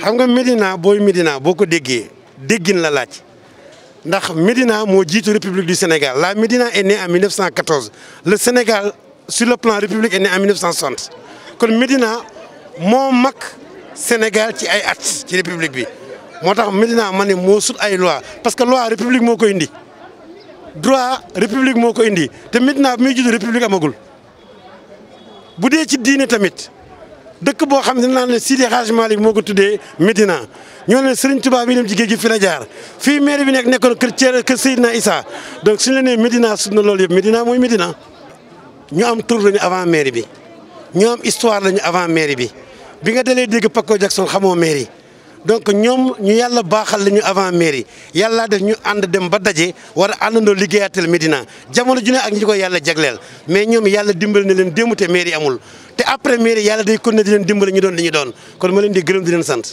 xam nga Médina booy Médina boo ko déggee déggin la laaj ndax Médina moo jiitu République du Sénégal la Médina est née en 1914 le Sénégal sur le plan République est né en 1960 kon Médina moo mag Sénégal ci ay at ci République bi moo tax Médina ma ne moo sut ay loi parce que loi République moo ko indi droit République moo ko indi te Médina bi jiitu République amagul bu dee ci diine tamit. dëkk boo xam ne naan Sidi Hadj malik moko tuddé Medina ñoo ne Serigne Touba bi dem ci geejgi fi la jaar fi maire bi nek nekkoon kër kër sidina isa donc suñu la Medina suñu lool loolu Medina moy Medina ñu am tour lañu avant maire bi ñu am histoire lañu avant maire bi bi nga dalé dégg Paco Jackson xamoo maire donc ñom ñu yàlla baxal lañu avant maire yàlla def ñu ànd dem ba daje war andando àndandoo Médina jamono juñu ak ñi ko yàlla jaglél mais ñom yàlla dimbal na leen demuté maire amul te après mairie yàlla day kon ne di leen dimbale ñu doon li ñu doon kon ma di gërëm di sant